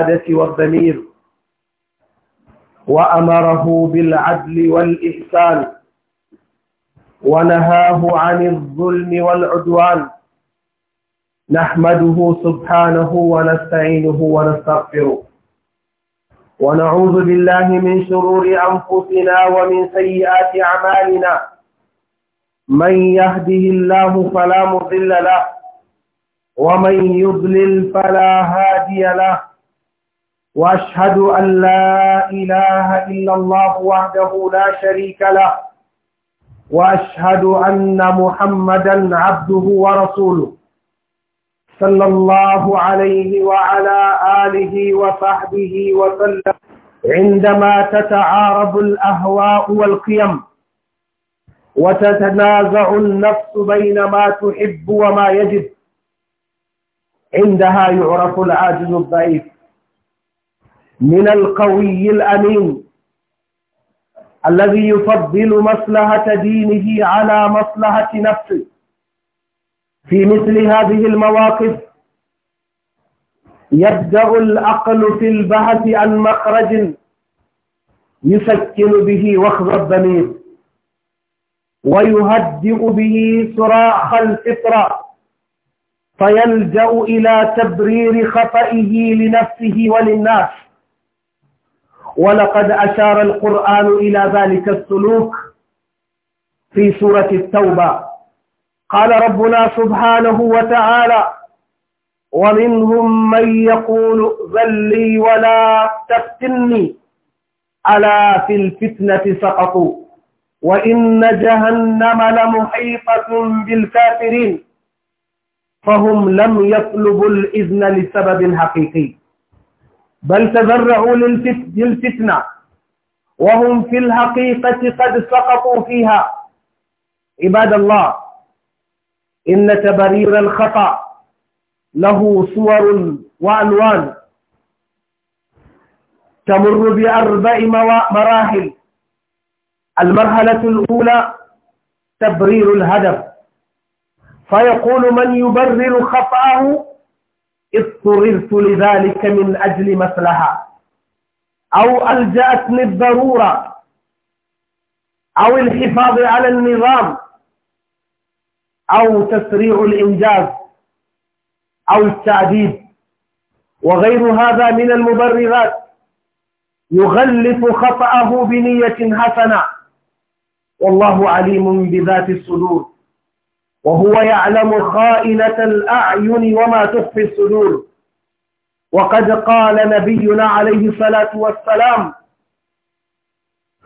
الحدث والضمير وأمره بالعدل والإحسان ونهاه عن الظلم والعدوان نحمده سبحانه ونستعينه ونستغفره ونعوذ بالله من شرور أنفسنا ومن سيئات أعمالنا من يهده الله فلا مضل له ومن يضلل فلا هادي له وأشهد أن لا إله إلا الله وحده لا شريك له وأشهد أن محمدا عبده ورسوله صلى الله عليه وعلى آله وصحبه وسلم عندما تتعارض الأهواء والقيم وتتنازع النفس بين ما تحب وما يجب عندها يعرف العاجز الضعيف من القوي الأمين الذي يفضل مصلحة دينه على مصلحة نفسه في مثل هذه المواقف يبدأ العقل في البحث عن مخرج يسكن به وخز الضمير ويهدئ به صراخ الفطرة فيلجأ إلى تبرير خطئه لنفسه وللناس ولقد أشار القرآن إلى ذلك السلوك في سورة التوبة قال ربنا سبحانه وتعالى ومنهم من يقول ذلي ولا تفتني ألا في الفتنة سقطوا وإن جهنم لمحيطة بالكافرين فهم لم يطلبوا الإذن لسبب حقيقي بل تذرعوا للفتنة وهم في الحقيقة قد سقطوا فيها عباد الله إن تبرير الخطأ له صور وألوان تمر بأربع مراحل المرحلة الأولى تبرير الهدف فيقول من يبرر خطأه اضطررت لذلك من أجل مثلها أو ألجأتني الضرورة أو الحفاظ على النظام أو تسريع الإنجاز أو التعديد وغير هذا من المبررات يغلف خطأه بنية حسنة والله عليم بذات الصدور وهو يعلم خائنة الأعين وما تخفي الصدور وقد قال نبينا عليه الصلاة والسلام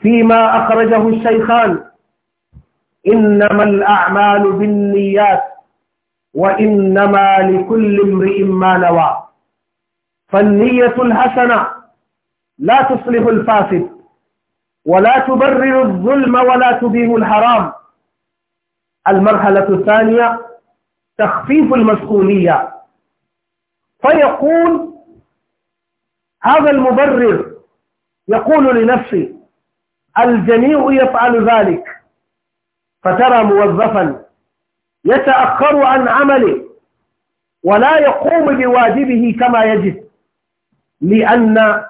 فيما أخرجه الشيخان إنما الأعمال بالنيات وإنما لكل امرئ ما نوى فالنية الحسنة لا تصلح الفاسد ولا تبرر الظلم ولا تبيه الحرام المرحلة الثانية تخفيف المسؤولية فيقول هذا المبرر يقول لنفسي الجميع يفعل ذلك فترى موظفا يتأخر عن عمله ولا يقوم بواجبه كما يجب لأن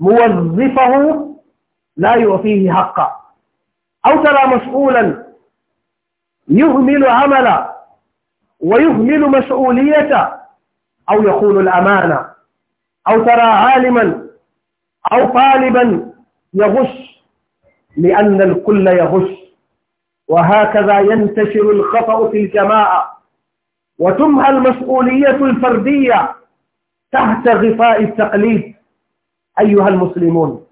موظفه لا يعطيه حقه أو ترى مسؤولا يهمل عمله ويهمل مسؤوليته أو يخون الأمانة أو ترى عالما أو طالبا يغش لأن الكل يغش وهكذا ينتشر الخطأ في الجماعة وتمهى المسؤولية الفردية تحت غطاء التقليد أيها المسلمون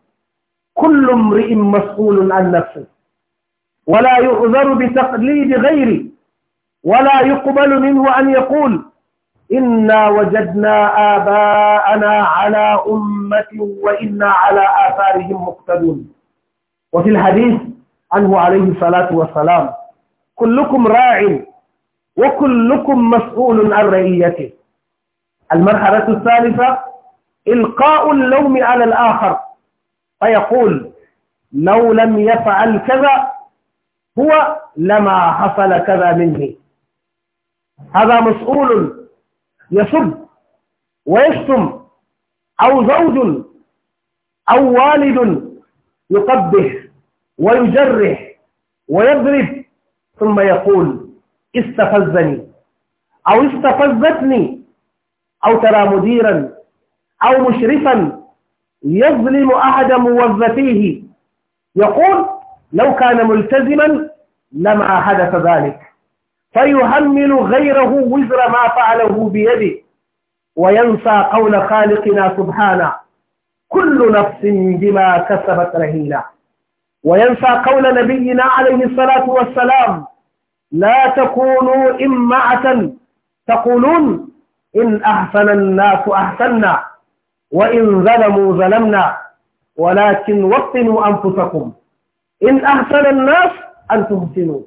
كل امرئ مسؤول عن نفسه ولا يؤذر بتقليد غيره ولا يقبل منه أن يقول إنا وجدنا آباءنا على أمة وإنا على آثارهم مقتدون وفي الحديث عنه عليه الصلاة والسلام كلكم راع وكلكم مسؤول عن رعيته المرحلة الثالثة إلقاء اللوم على الآخر فيقول لو لم يفعل كذا هو لما حصل كذا منه هذا مسؤول يسب ويشتم أو زوج أو والد يقبح ويجرح ويضرب ثم يقول استفزني أو استفزتني أو ترى مديرا أو مشرفا يظلم أحد موظفيه يقول لو كان ملتزما لما حدث ذلك فيهمل غيره وزر ما فعله بيده وينسى قول خالقنا سبحانه كل نفس بما كسبت رهينة وينسى قول نبينا عليه الصلاة والسلام لا تكونوا إمعة تقولون إن أحسن الناس أحسنا وإن ظلموا ظلمنا ولكن وطنوا أنفسكم إن أحسن الناس أن تحسنوا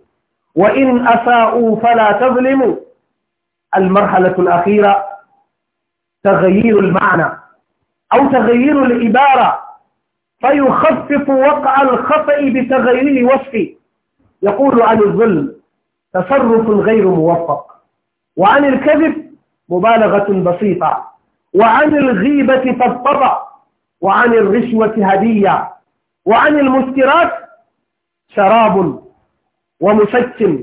وإن أساءوا فلا تظلموا المرحلة الأخيرة تغيير المعنى أو تغيير العبارة فيخفف وقع الخطأ بتغيير وصفه يقول عن الظلم تصرف غير موفق وعن الكذب مبالغة بسيطة وعن الغيبة فضفضة وعن الرشوة هدية وعن المسكرات شراب ومشتم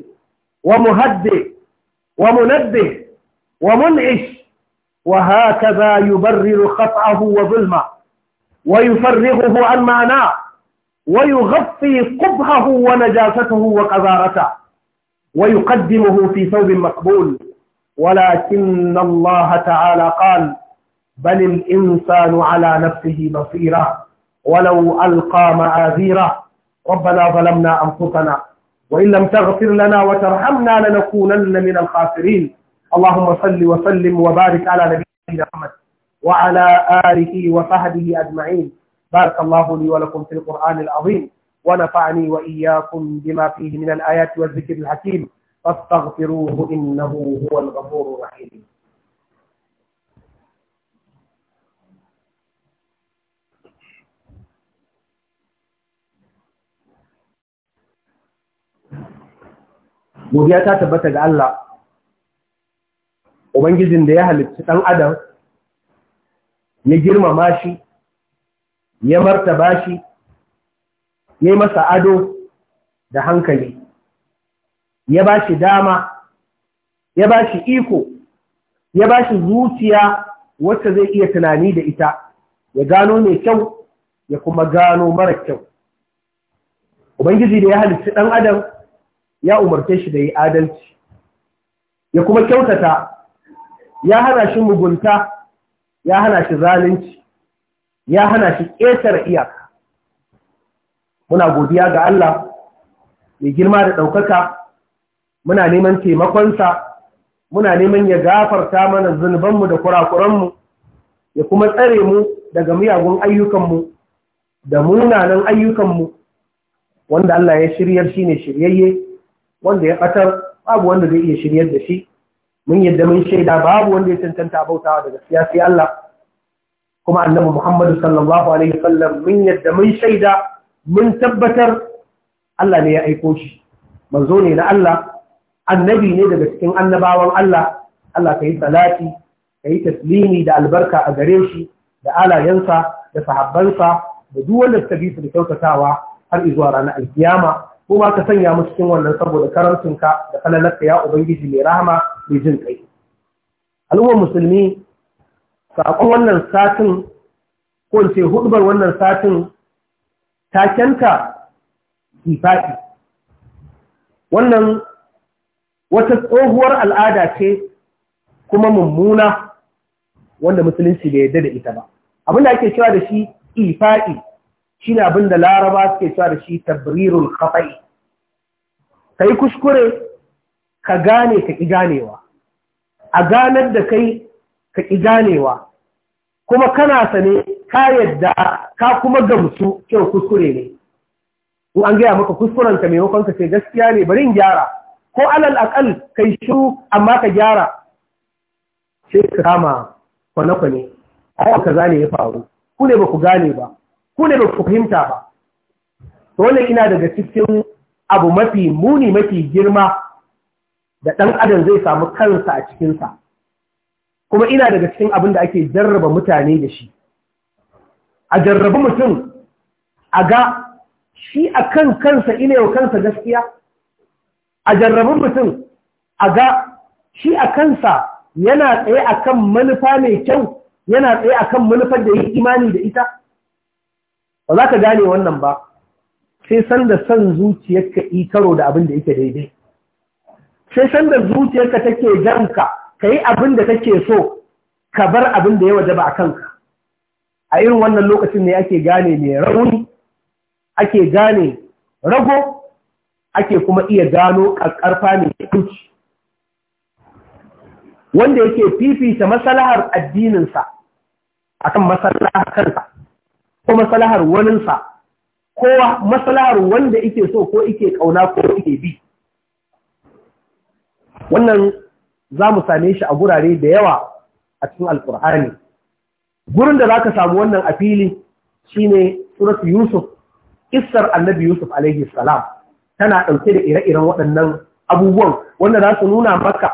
ومهدئ ومنبه ومنعش وهكذا يبرر خطأه وظلمه ويفرغه عن معناه ويغطي قبحه ونجاسته وقذارته ويقدمه في ثوب مقبول ولكن الله تعالى قال بل الإنسان على نفسه بصيرة ولو ألقى معاذيره ربنا ظلمنا أنفسنا وإن لم تغفر لنا وترحمنا لنكونن من الخاسرين اللهم صل وسلم وبارك على نبينا محمد وعلى آله وصحبه أجمعين بارك الله لي ولكم في القرآن العظيم ونفعني وإياكم بما فيه من الآيات والذكر الحكيم فاستغفروه إنه هو الغفور الرحيم godiya ta tabbata ga Allah ubangijin da ya halitta ɗan'adam, adam ya girmama shi ya martaba shi ya masa ado da hankali ya ba shi dama ya ba shi iko ya ba shi zuciya wacce zai iya tunani da ita ya gano mai kyau ya kuma gano mara kyau ubangiji da ya halitta ɗan adam ya umarce shi da yi adalci ya kuma kyautata ya hana shi mugunta ya hana shi zalunci ya hana shi ƙetare iyaka muna godiya ga Allah mai girma da ɗaukaka muna neman taimakonsa muna neman ya gafarta mana zunubanmu da kurakuranmu ya kuma tsare mu daga miyagun ayyukanmu da munanan ayyukanmu wanda Allah ya shiryar shi ne shiryayye wanda ya ɓatar babu wanda zai iya shiryar da shi mun yadda mun shaida babu wanda ya cancanta bautawa da gaskiya sai Allah kuma annabi Muhammadu sallallahu alaihi wasallam mun yadda mun shaida mun tabbatar Allah ne ya aiko shi manzo ne na Allah annabi ne daga cikin annabawan Allah Allah kai salati kai taslimi da albarka a gare shi da alayansa da sahabbansa da duk wanda suka bi su da kyautatawa har izuwa ranar alkiyama ko ba ka sanya mu cikin wannan saboda ka da falalarka ya ubangiji mai rahama mai jin kai al'ummar musulmi saƙon wannan satin ko ce hudubar wannan satin ta takenta kifati wannan wata tsohuwar al'ada ce kuma mummuna wanda musulunci bai yarda da ita ba abinda ake cewa da shi ifa'i shi ne abin da laraba suke cewa da shi tabrirul khata'i ka kuskure ka gane ka ganewa a ganar da kai ka ganewa kuma kana sane ka yadda ka kuma gamsu kyau kuskure ne ko an gaya maka kuskuren ka maimakon ka ce gaskiya ne bari in gyara ko alal akal kai shiru amma ka gyara sai ka kama kwane-kwane a yau ka zane ya faru ku ne ba ku gane ba ku ne ba ku fahimta ba dole ina daga cikin abu mafi muni mafi girma da ɗan adam zai samu kansa a cikinsa kuma ina daga cikin abin da ake jarraba mutane da shi a jarrabi mutum a ga shi a kan kansa ina yau kansa gaskiya a jarrabi mutum a ga shi a kansa yana tsaye a kan manufa mai kyau yana tsaye a kan manufar da ya imani da ita ba za ka gane wannan ba sai sanda son zuciyarka yi karo da abin da yake daidai sai sanda zuciyarka take janka ka yi abin da take so ka bar abin da ya waje ba a kanka a irin wannan lokacin ne ake gane mai rauni ake gane rago ake kuma iya gano ƙarƙarfa mai kuci wanda yake fifita masalahar addininsa akan masalahar kansa ko masalahar waninsa ko masalahar wanda ike so ko ike ƙauna, ko ike bi wannan za mu same shi a gurare da yawa a cikin alkur'ani gurin da za ka samu wannan a fili shine Suratu yusuf kissar annabi yusuf alaihi salam tana ɗauke da ire-iren waɗannan abubuwan wanda za su nuna maka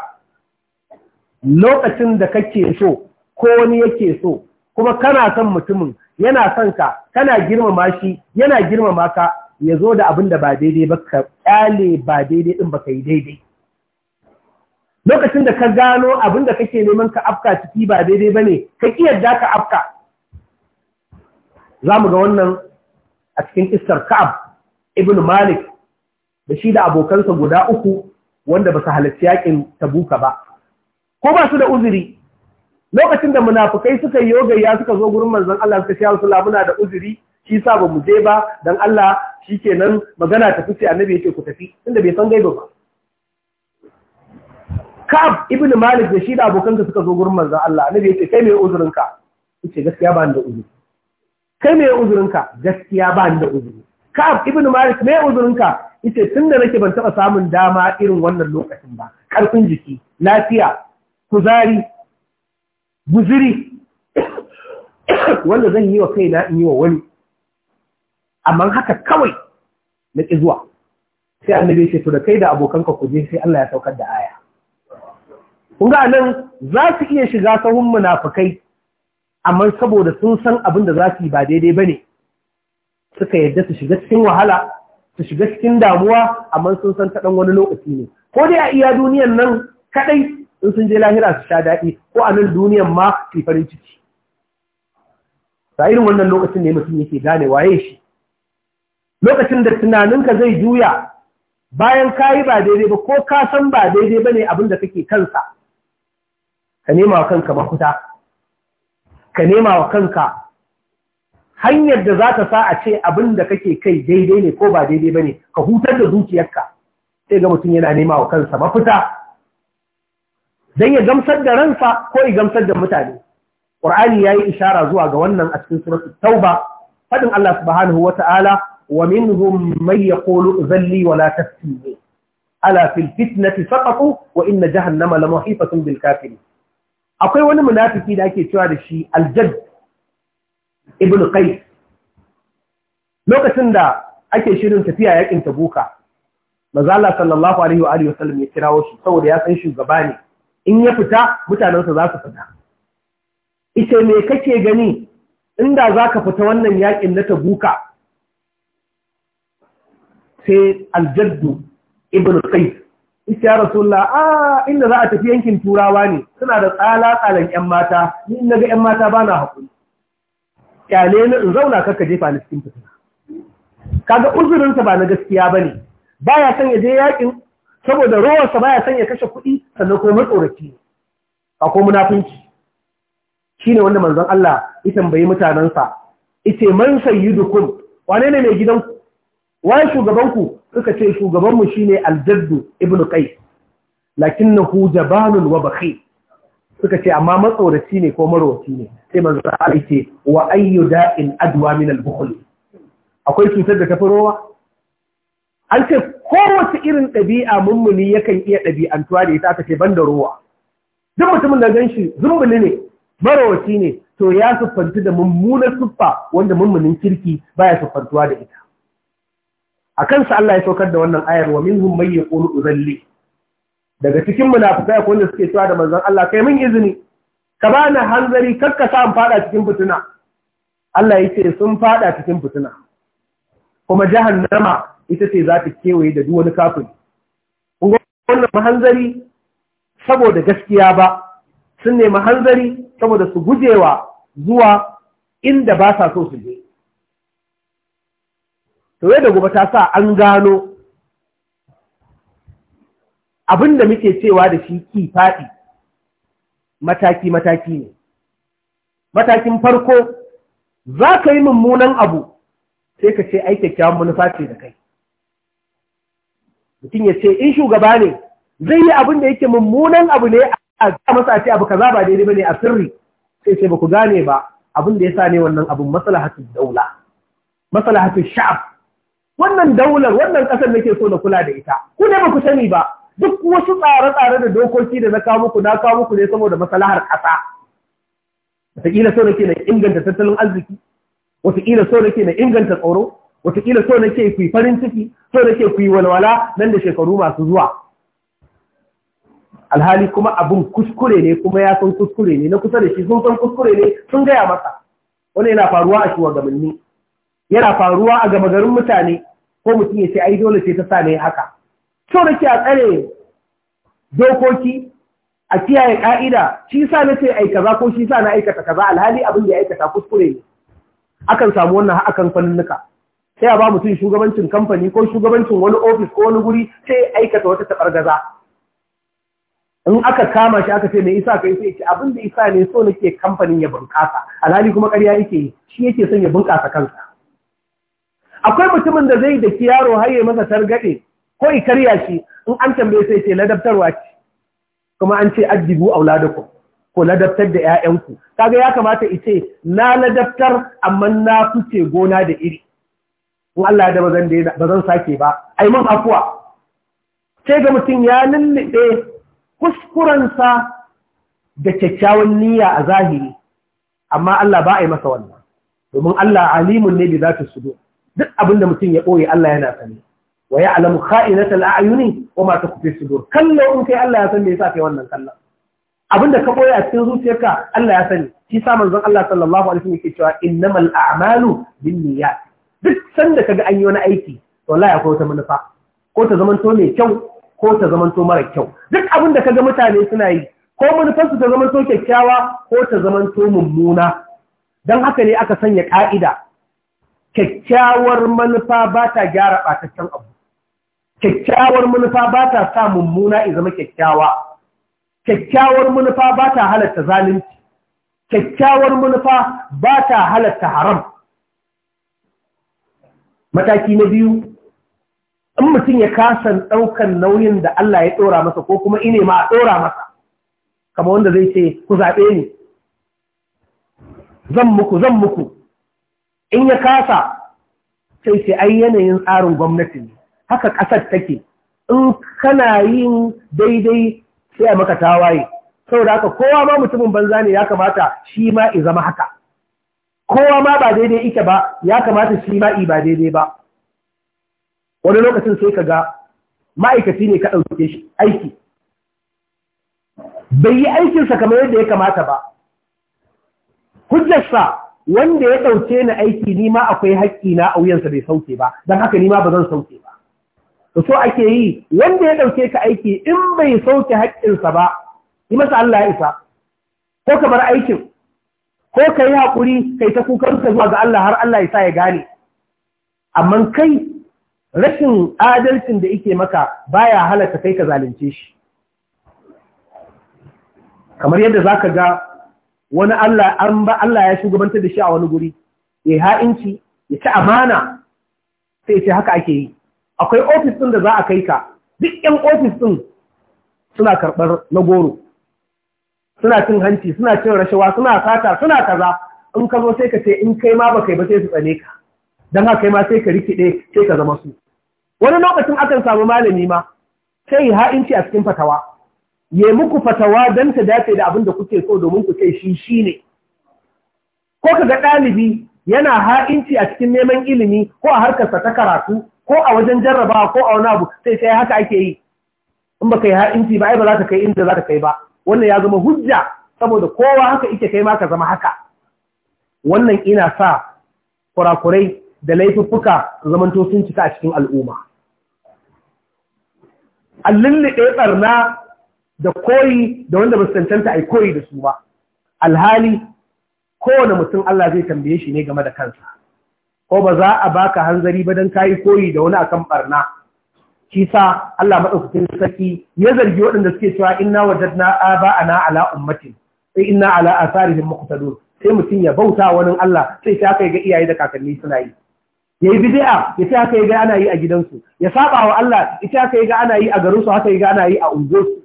lokacin da kake so ko wani yake so kuma kana son mutumin yana son ka kana girmama shi yana girmama ka ya zo da abin da ba daidai ba ka kyale ba daidai ɗin ba ka yi daidai lokacin da ka gano abin da kake neman ka afka ciki ba daidai ba ne ka ƙi yadda ka afka za mu ga wannan a cikin istar ka'ab ibn malik da shi da abokansa guda uku wanda ba su halarci yaƙin tabuka ba ko ba su da uzuri lokacin da munafukai suka yi yogayya suka zo gurin manzon Allah suka shi Rasulullah muna da uzuri shi sa ba je ba dan Allah shikenan magana ta fice annabi yake ku tafi tunda bai san gaiba ba Ka'ab ibn Malik da shi da abokan ka suka zo gurin manzon Allah annabi yake kai mai uzurin ka yace gaskiya ba ni da uzuri kai mai uzurin ka gaskiya ba ni da uzuri Ka'ab ibn Malik mai uzurin ka yace tunda nake ban taba samun dama irin wannan lokacin ba karfin jiki lafiya kuzari guziri wanda zan yi wa kaina in yi wa wani amma haka kawai na ƙi zuwa sai annabi ce to da kai da abokanka ku je sai Allah ya saukar da aya kun ga nan za su iya shiga sahun munafikai amma saboda sun san abin da za su yi ba daidai bane suka yadda su shiga cikin wahala su shiga cikin damuwa amma sun san ta dan wani lokaci ne ko dai a iya duniyar nan kadai in sun je lahira su sha daɗi ko a nan duniyan ma su farin ciki ta irin wannan lokacin ne mutum yake gane waye shi lokacin da tunaninka zai juya bayan ka yi ba daidai ba ko ka san ba daidai ba ne abin da kake kansa ka nema wa kanka mafuta, ka nema wa kanka hanyar da za ta sa a ce abin da kake kai daidai ne ko ba daidai ba ne ka hutar da zuciyarka sai ga mutum yana nema wa kansa mafuta don ya gamsar da ransa ko ya gamsar da mutane ƙur'ani ya yi ishara zuwa ga wannan a cikin suratu tauba faɗin Allah subhanahu wa ta'ala wa minhum may yaqulu zalli wa la ne. ala fil fitnati saqatu wa inna jahannama la muhitatun bil kafirin akwai wani munafiki da ake cewa da shi aljad ibn qais lokacin da ake shirin tafiya yakin tabuka manzo Allah sallallahu alaihi wa alihi wasallam ya kirawo shi saboda ya san shugaba ne in ya fita mutanensa za su fita Ise me kake gani inda za ka fita wannan yakin na tabuka sai aljaddu ibn qais Ise ya rasulullah a ah, inda za a tafi yankin turawa ne suna da tsala tsalan yan mata ni in naga yan mata bana haƙuri. kyale ni in zauna kaka jefa ni cikin fita. kaga uzurinsa ba na gaskiya ba baya san ya je yakin saboda rowansa baya son ya kashe kuɗi sannan ko matsoraci ne munafunci. ko munafinci shine wanda manzon Allah ya tambayi mutanensa ice man sayyidukum wane ne mai gidanku waye shugabanku suka ce shugabanmu shine aljaddu ibnu qais lakinnahu jabanun wa bakhi suka ce amma matsoraci ne ko marowaci ne sai manzo Allah ce wa ayyu da'in adwa min al-bukhl akwai cutar da tafi rowa an ce kowace irin ɗabi'a mummuni yakan iya ɗabi'antuwa da ita ta ce ban da ruwa duk mutumin da gan shi zumbuli ne marawaci ne to ya siffantu da mummunar siffa wanda mummunin kirki ba ya siffantuwa da ita a kansa Allah ya saukar da wannan ayar wa min hun may yaqulu uzalli. daga cikin munafikai akwai wanda suke cewa da manzon Allah kai min izini ka bani hanzari kakka sa samu fada cikin fituna Allah ya ce sun faɗa cikin fituna kuma jahannama ita ce za ta kewaye da duk wani kafin wannan mahanzari saboda gaskiya ba sun nemi hanzari saboda su gujewa zuwa inda ba sa so su je to yadda gobe ta sa an gano abin da muke cewa da shi ki faɗi mataki-mataki ne matakin farko za ka yi mummunan abu sai ka ce ai kyakkyawan manufa ce da kai mutum ya ce in shugaba ne zai yi abin da yake mummunan abu ne a ga masa ce abu kaza ba daidai ne a sirri sai ce ba ku gane ba abin da yasa ne wannan abin maslahatul daula maslahatul sha'ab wannan daular wannan kasar nake so na kula da ita ku ne ba ku sani ba duk wasu tsare-tsare da dokoki da na kawo muku na kawo muku ne saboda maslahar kasa wataƙila so nake na inganta tattalin arziki wataƙila so nake na inganta tsoro wataƙila so nake ku farin ciki so nake ku yi walwala nan da shekaru masu zuwa alhali kuma abin kuskure ne kuma ya san kuskure ne na kusa da shi sun san kuskure ne sun gaya masa wani yana faruwa a shugabanni yana faruwa a gama garin mutane ko mutum ya ce ai dole sai ta sa ne haka so nake a tsare dokoki a kiyaye ka'ida shi sa na ce ko shi sa na aikata kaza alhali abin da ya aikata kuskure ne akan samu wannan har akan fannuka sai a ba mutum shugabancin kamfani ko shugabancin wani ofis ko wani guri sai ya aikata wata taɓargaza in aka kama shi aka ce mai isa yi sai ce abin da isa ne so nake kamfanin ya bunƙasa alhali kuma ƙarya yake yi shi yake son ya bunƙasa kansa akwai mutumin da zai da yaro har ya masa targaɗe ko ikariya shi in an tambaye sai ce ladabtarwa ce kuma an ce addibu auladakum ku ladabtar da 'ya'yanku kaga ya kamata ice na ladabtar amma na fice gona da iri in Allah da bazan da sake ba ai mun afuwa sai ga mutum ya lullube kuskurensa da kyakkyawan niyya a zahiri amma Allah ba a masa wannan domin Allah alimun ne bi su sudo duk abinda da mutum ya ɓoye Allah yana sani wa ya alamu kha'inatal a'yuni wa ma takfi sudur kallo in kai Allah ya san me yasa kai wannan kallon abinda ka boye a cikin zuciyarka Allah ya sani shi sa manzon Allah sallallahu alaihi wasallam yake cewa innamal a'malu binniyat duk sanda ga an yi wani aiki to ya akwai wata manufa ko ta zamanto mai kyau ko ta zamanto mara kyau duk da ka ga mutane suna yi ko manufarsu ta zamanto kyakkyawa ko ta zamanto mummuna don haka ne aka sanya ƙa'ida kyakkyawar manufa ba ta gyara ɓataccen abu kyakkyawar manufa ba ta sa mummuna in zama kyakkyawa kyakkyawar manufa ba ta halatta zalunci kyakkyawar manufa ba ta halatta haram mataki na biyu in mutum ya kasan ɗaukan nauyin da Allah ya ɗora masa ko kuma ine ma a ɗora masa kama wanda zai ce ku zaɓe ni zan muku zan muku in ya kasa sai ce ai yanayin tsarin gwamnati ne haka ƙasar take in kana yin daidai sai a maka tawaye da aka kowa ma mutumin banza ne ya kamata shi ma zama haka kowa ma ba daidai ike ba ya kamata shi ma i ba daidai ba wani lokacin sai ka ga ma'aikaci ne ka ɗauke shi aiki bai yi aikinsa kamar yadda ya kamata ba hujjarsa wanda ya ɗauke ni aiki nima akwai haƙƙi na a wuyansa bai sauke ba don haka ni ma ba zan sauke ba to so ake yi wanda ya ɗauke ka aiki in bai sauke haƙƙinsa ba yi masa Allah ya isa ko ka bar aikin ko ka yi haƙuri kai ta kukan ka zuwa ga Allah har Allah ya sa ya gane amma kai rashin adalcin da yake maka baya halatta kai ka zalunce shi kamar yadda za ka ga wani Allah an ba Allah ya shugabantar da shi a wani guri ya ha'inci ya ci amana sai ce haka ake yi akwai ofis ɗin da za a kai ka duk 'yan ofis ɗin suna karɓar na goro suna cin hanci suna cin rashawa suna sata suna kaza in ka zo sai ka ce in kai ma ba kai ba sai su tsane ka don haka kai ma sai ka rikide sai ka zama su wani lokacin akan samu malami ma sai ha'inci a cikin fatawa ya muku fatawa don ta dace da abin da kuke so domin ku ce shi shi ne ko ka ga ɗalibi yana ha'inci a cikin neman ilimi ko a harkarsa ta karatu ko a wajen jarrabawa ko a wani abu sai sai haka ake yi in baka yi ha'inci ba ai ba za ka kai inda za ka kai ba wannan ya zama hujja saboda kowa haka ike kai ma ka zama haka wannan ina sa kurakurai da laifuffuka zamanto sun cika a cikin al'umma allulluɗe tsarna da koyi da wanda ba su cancanta a koyi da su ba alhali kowane mutum Allah zai tambaye shi ne game da kansa ko ba za a baka hanzari ba don kayi koyi da wani akan barna shi sa Allah madaukakin sarki ya zargi waɗanda suke cewa inna wajadna aba'ana ala ummatin sai inna ala asarihim muqtadun sai mutum ya bauta wani Allah sai ta kai ga iyaye da kakanni suna yi ya yi bidi'a ya ce haka ga ana yi a gidansu ya saba wa Allah ya ce ya ga ana yi a garinsu haka ya ga ana yi a unguwarsu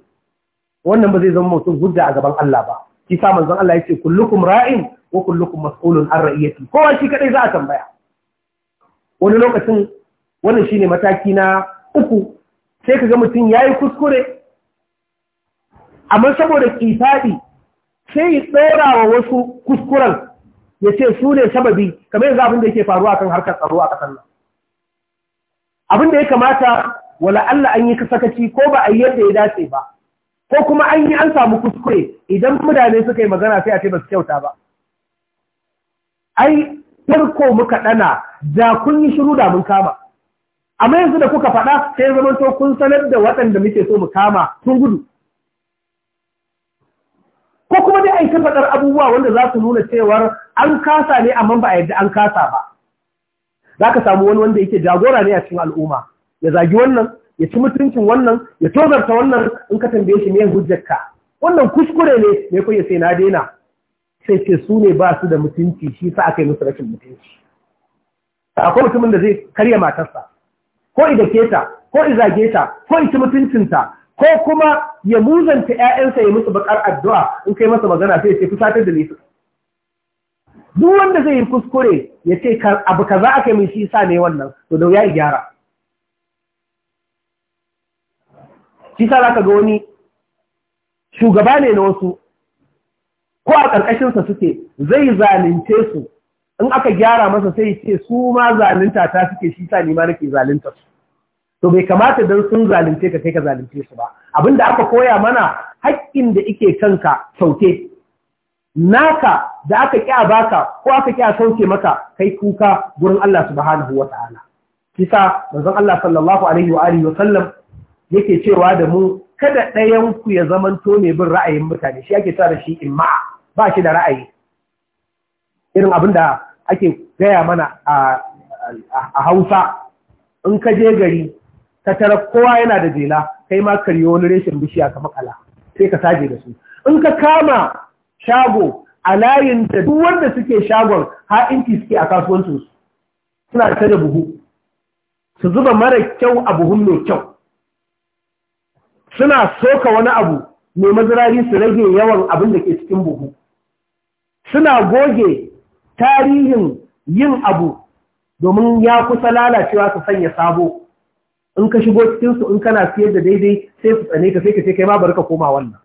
wannan ba zai zama mutum gudda a gaban Allah ba shi sa manzon Allah ya ce kullukum ra'in wa kullukum mas'ulun an ra'iyati kowa shi kadai za a tambaya wani lokacin wannan ne mataki na uku sai ka ga mutum ya yi kuskure amma saboda kifaɗi sai ya tsora wa wasu kuskuren ya ce su ne sababi kamar yanzu abinda yake faruwa kan harkar tsaro a ƙasar nan abin ya kamata wala Allah an yi kasakaci ko ba a yi yadda ya dace ba ko kuma an yi an samu kuskure idan mutane suka yi magana sai a ce ba su kyauta ba ai Karko muka ɗana da kun yi shiru da mun kama amma yanzu da kuka faɗa sai zaman to kun sanar da waɗanda muke so mu kama sun gudu ko kuma dai aika faɗar abubuwa wanda za su nuna cewar an kasa ne amma ba a yadda an kasa ba za ka samu wani wanda yake jagora ne a cikin al'umma ya zagi wannan ya ci mutuncin wannan ya tozarta wannan in ka tambaye shi me ka wannan kuskure ne me kuke sai na daina sai ce su ne ba su da mutunci shi sa aka yi musu rashin mutunci akwai mutumin da zai karya matarsa ko i dake ta ko i zage ta ko i ci mutuncinta ko kuma ya muzanta 'ya'yansa ya musu bakar addu'a in kai masa magana sai ya ce fusatar da ni duk wanda zai yi kuskure ya ce abu ka za aka yi shi sa ne wannan to da ya gyara shi sa zaka ga wani shugaba ne na wasu ko a ƙarƙashinsa suke zai zalunce su in aka gyara masa sai ce su ma zalunta ta suke shi sa nima nake zalinta su to bai kamata don sun zalunce ka kai ka zalince su ba da aka koya mana haƙƙin da ike kanka sauke naka da aka a baka ko aka kya sauke maka kai kuka gurin Allah subhanahu wa ta'ala kisa manzon Allah sallallahu alaihi wa alihi wa sallam yake cewa da mu kada ɗayan ku ya zamanto ne bin ra'ayin mutane shi ake tsara da shi imma ba shi da ra'ayi irin abin da ake gaya mana a hausa in ka je gari ka tara kowa yana da jela kai ma karyo wani reshen bishiya ka makala sai ka saje da su in ka kama shago a layin da duk wanda suke shagon ha'inci suke a kasuwancinsu suna ta da buhu su zuba mara kyau a buhun mai kyau suna soka wani abu mai mazirari su rage yawan abin da ke cikin buhu suna goge tarihin yin abu domin ya kusa lalacewa su sanya sabo in ka shigo cikinsu in kana siyar da daidai sai su tsane ka sai ka ce kai ma bari ka koma wannan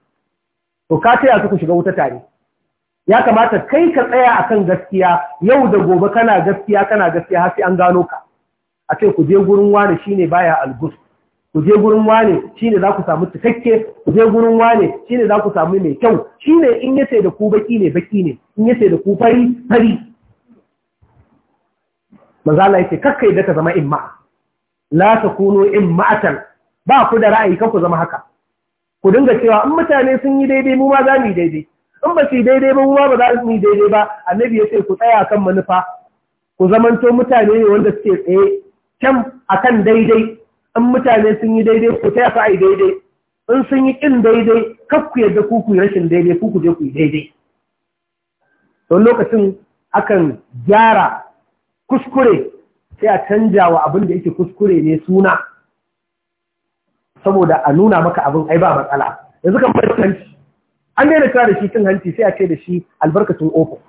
to ka taya su ku shiga wuta tare ya kamata kai ka tsaya akan gaskiya yau da gobe kana gaskiya kana gaskiya har sai an gano ka a ce ku je gurin wani shine baya algus ku je gurin wane shi ne za ku samu cikakke ku je gurin wane shi ne za ku samu mai kyau Shi ne in yace da ku baki ne baki ne in yace da ku fari fari mazala yake kakkai da ka zama imma la in imma'atan ba ku da ra'ayi kan ku zama haka ku dinga cewa in mutane sun yi daidai mu ma za mu yi daidai in ba su yi daidai ba mu ma ba za mu yi daidai ba annabi ya ce ku tsaya kan manufa ku zamanto mutane ne wanda suke tsaye can akan daidai in mutane sun yi daidai ku ta fa ai daidai in sun yi kin daidai kaf ku yadda ku ku rashin daidai ku ku je ku daidai to lokacin akan gyara kuskure sai a canja wa abin da yake kuskure ne suna saboda a nuna maka abin ai ba matsala yanzu kan bar hanci an daina kira da shi cin hanci sai a ce da shi albarkacin ofis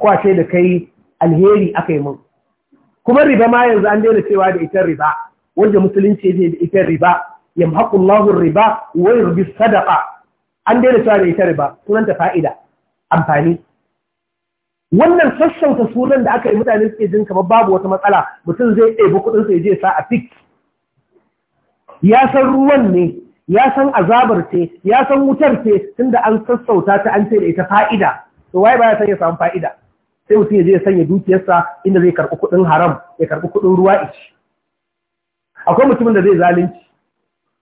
ko a ce da kai alheri aka yi min kuma riba ma yanzu an daina cewa da ita riba wanda musulunci ne da ita riba yamhaqu Allahu riba wa rubi sadaka an daina cewa da ita riba sunanta fa'ida amfani wannan sassauta sunan da aka yi mutane suke jin kamar babu wata matsala mutum zai ɗebi kuɗin sa je sa a fix ya san ruwan ne ya san azabar ce ya san wutar ce tunda an sassauta ta an ce da ita fa'ida to waye baya san ya samu fa'ida sai mutum ya je sanya dukiyarsa inda zai karɓi kuɗin haram ya karɓi kuɗin ruwa ici akwai mutumin da zai zalunci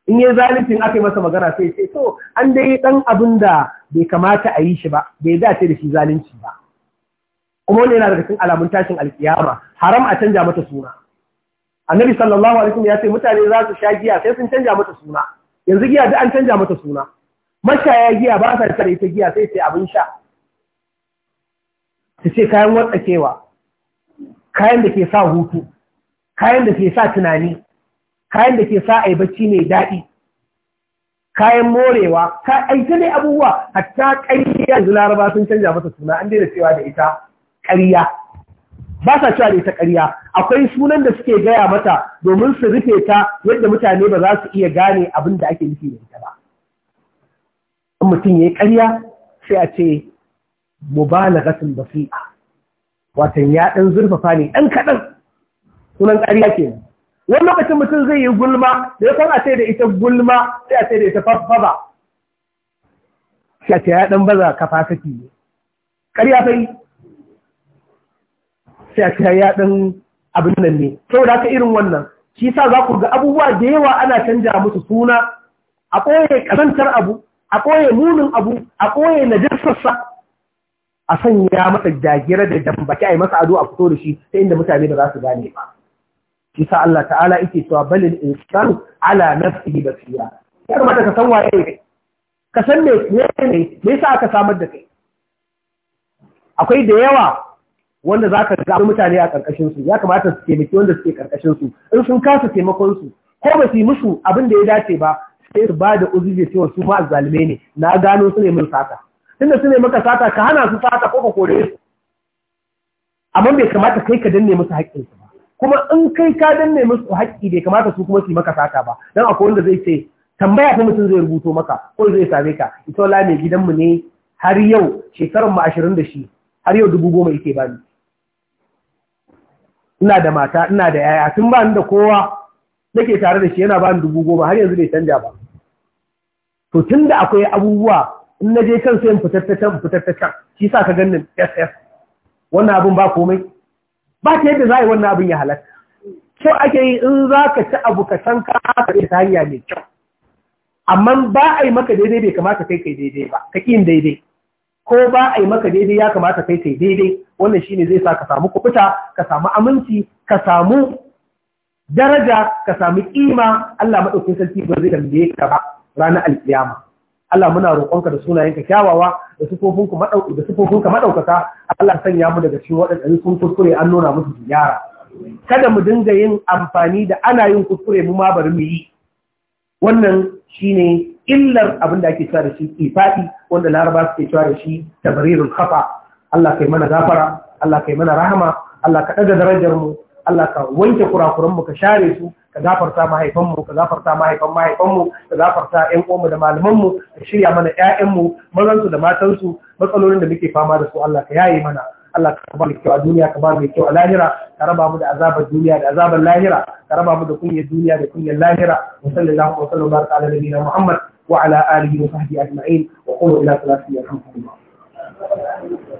in yi zalunci aka yi masa magana sai sai, to an dai ɗan abin da bai kamata a yi shi ba bai dace da shi zalunci ba kuma wani yana daga cikin alamun tashin alkiyama haram a canja mata suna annabi sallallahu alaihi wasallam ya ce mutane za su sha giya sai sun canja mata suna yanzu giya da an canja mata suna mashaya giya ba sa tare ita giya sai sai abin sha Ta ce kayan watsakewa kayan da ke sa hutu kayan da ke sa tunani kayan da ke sa a yi bacci mai daɗi kayan morewa ka aita ne abubuwa hatta ƙariya yanzu laraba sun canja masa suna an daina cewa da ita ƙariya ba sa cewa da ita ƙariya akwai sunan da suke gaya mata domin su rufe ta yadda mutane ba za su iya gane abin da ake nufi da ita ba mutum ya yi ƙarya sai a ce mubalaghatin basi'a watan ya ɗan zurfafa ne ɗan kaɗan. sunan ƙarya kenan wani lokacin mutum zai yi gulma da ya san a sai da ita gulma sai a sai da ita fafafa. shi a ce ya ɗan baza saki ne ƙarya fai sai a ce ya ɗan abin nan ne da haka irin wannan shi sa za ku ga abubuwa da yawa ana canja musu suna a ƙoye ƙazantar abu a ƙoye munin abu a na najasarsa a sanya masa jagira da dambaki a yi masa ado a fito da shi ta inda mutane da za su gane ba shi sa Allah ta'ala yake cewa balin insan ala da basira Ya mata ka san waye ne ka san me ne me sa aka samar da kai akwai da yawa wanda za ka ga mutane a karkashin su ya kamata su taimaki wanda suke karkashin su in sun kasa taimakon su ko ba su yi musu abin da ya dace ba sai su ba da uzuri cewa su ma zalume ne na gano su ne mun saka tunda su ne maka sata ka hana su sata ko ka kore su amma bai kamata kai ka danne musu haƙƙin su ba kuma in kai ka danne musu haƙƙi bai kamata su kuma su yi maka sata ba dan akwai wanda zai ce tambaya ta mutum zai rubuto maka ko zai same ka ita wala mai gidanmu ne har yau shekarun mu ashirin da shi har yau dubu goma yake bani ina da mata ina da yaya tun ba ni da kowa nake tare da shi yana bani dubu goma har yanzu bai canja ba to tun da akwai abubuwa in na je kan sayan in can can shi sa ka ganin ss wannan abin ba komai ba ta yadda za a yi wannan abin ya halatta kyau ake yi in za ka ci abu ka san ka ka ta hanya mai kyau amma ba a yi maka daidai bai kamata kai kai daidai ba ka ƙin daidai ko ba a yi maka daidai ya kamata kai kai daidai wannan shi ne zai sa ka samu kuɓuta ka samu aminci ka samu daraja ka samu ƙima Allah maɗaukin sarki ba zai tambaye ka ba ranar alƙiyama Allah muna roƙonka da sunayenka kyawawa da sufofinka madauki da sifofinka madaukaka Allah sanya mu daga cikin waɗanda sun kuskure an nuna musu ziyara kada mu dinga yin amfani da ana yin kuskure mu ma bari mu yi wannan shine illar abin da ake cewa da shi ifadi wanda laraba suke cewa da shi tabrirul khafa Allah kai mana gafara Allah kai mana rahama Allah ka daga darajar mu Allah ka wanke kurakuran mu ka share su ka zafarta mahaifanmu ka zafarta mahaifan mahaifanmu ka zafarta ƴan uwanmu da malamanmu ka shirya mana ƴaƴanmu mazansu da matansu matsalolin da muke fama da su Allah ka yaye mana Allah ka ba mu kyau a duniya ka ba mu kyau a lahira ka raba mu da azabar duniya da azabar lahira ka raba mu da kunyar duniya da kunyar lahira wa sallallahu wa sallam baraka ala nabiyina Muhammad wa ala alihi wa sahbihi ajma'in wa qulu ila salati yarhamkumullah